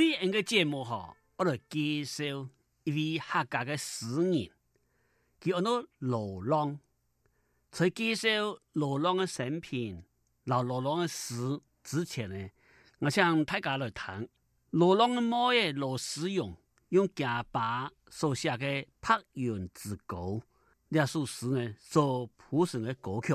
今日個節目哈，我嚟介紹一位客家嘅詩人，叫阿儂羅浪。在介紹羅浪嘅生平、老羅浪嘅詩之前呢，我想大家來聽羅浪嘅妹羅詩詠，用夾板所寫嘅《白雲之歌》，這首詩呢，做譜成嘅歌曲。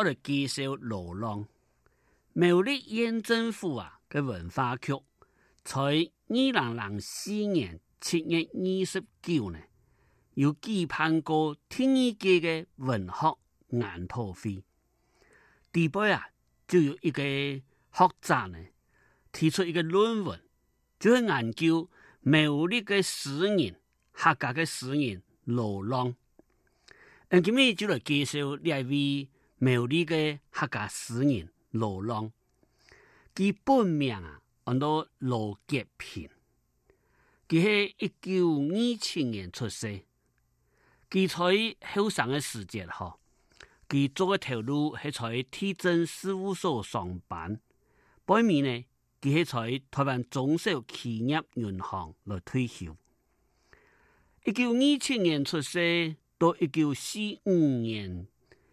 我嚟介紹羅浪，苗栗縣政府啊嘅文化局，在二零零四年七月二十九呢，有舉辦過第一屆嘅文學研討會，地步啊就有一個學者呢提出一個論文，就去研究苗栗嘅詩人、客家嘅詩人羅浪，今日就嚟介紹兩位。苗栗嘅客家詩人羅浪，佢本名啊，叫做羅杰平。佢係一九二七年出生，佢在後生的時節吼，佢做嘅投入係在天津事務所上班，背年呢，佢係在，在台灣中小企業銀行來退休。一九二七年出生到一九四五年。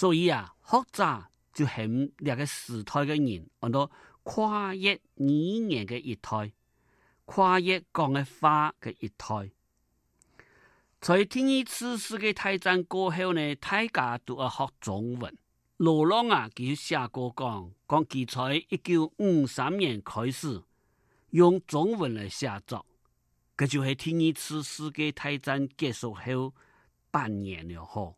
所以啊，學者就係兩個時代嘅人，按到跨越語言嘅一代，跨越講嘅話嘅一代。在第二次世界大戰過後呢，大家都要學中文。羅浪啊，佢寫過講，講佢在一九五三年開始用中文嚟寫作，嗰就係第二次世界大戰結束後半年了，嗬。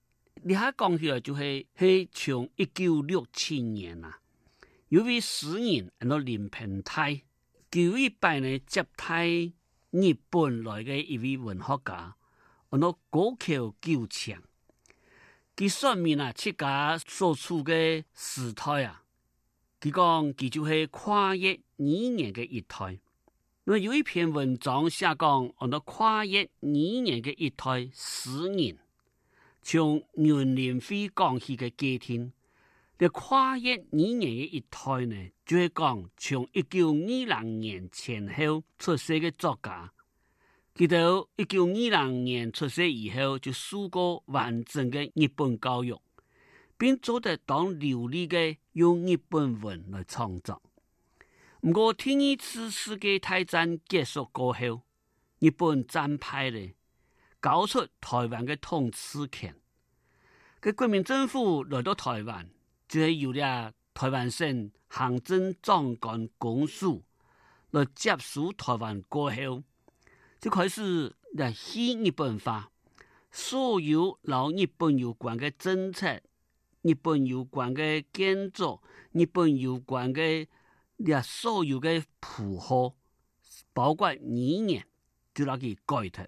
你哈講起來就是，是從一九六七年呐，一位詩人，按到臨平台，舊一版呢，接替日本來嘅一位文學家，按到高橋舊牆，佢上面啊七家所處的時代啊，佢講佢就是跨越二年嘅一代，因為有一篇文章寫講按到跨越二年嘅一代詩人。從原連飛講起嘅幾天，就跨越二廿一代，呢，就係講從一九二零年前後出世嘅作家，直到一九二零年出世以後就受過完整嘅日本教育，並做得當流利嘅用日本文來創作。不過第二次世界大戰結束過後，日本戰敗呢？搞出台灣的統治權，嘅國民政府來到台灣，就係由啲台灣省行政長官公署來接收台灣過後，就開始了新日本化，所有老日本有關的政策、日本有關的建築、日本有關的啲所有的符號，包括語言，就拉佢改脫。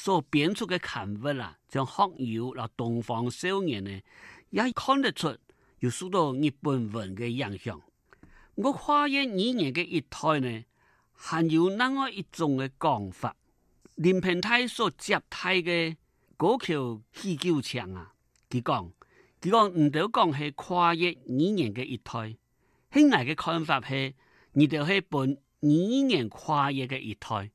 所編出的刊物啊，像《學友》《那東方少年》呢，也看得出有受到日本文嘅影響。我跨越語言嘅一代呢，還有那麼一種嘅講法。林平泰所接待嘅嗰條西橋長啊，佢講佢講唔到講係跨越語言嘅一代，輕微嘅看法係而就係本語言跨越嘅一代，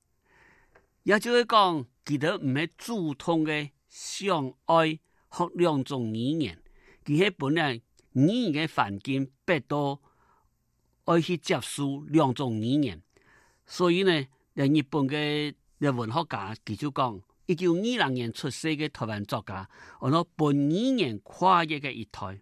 也就係講。記得唔係主動的，相愛學兩種語言，其實本來語言嘅環境不多，愛去接受兩種語言，所以呢，人日本的文學家記住講，一九二零年出生的台灣作家，係一個把語言跨越的一代。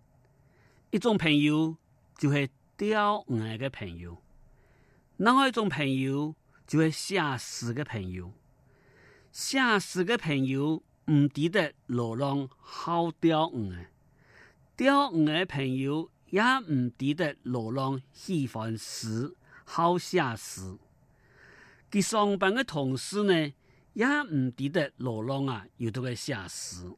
一種朋友就是釣魚個朋友，另一種朋友就是寫詩的朋友。寫詩的朋友唔值得羅浪好釣魚，釣魚嘅朋友也唔值得羅浪喜歡詩，好寫詩。給上班的同事呢，也唔值得羅浪啊有這個寫詩。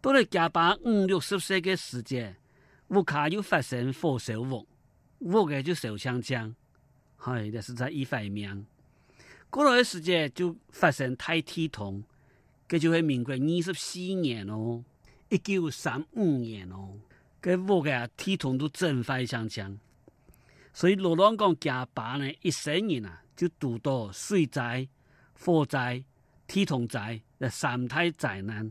到了甲巴五六十歲的時節，烏卡又發生火燒屋，烏嘅就燒嗆嗆，係就是在一百年。過了嘅時節就發生大地動，佢就係民國二十四年咯、哦，一九三五年咯、哦，佢烏嘅地動都真非相相。所以羅浪講甲巴呢一三年啊，就遇到水災、火災、地動災，三大災難。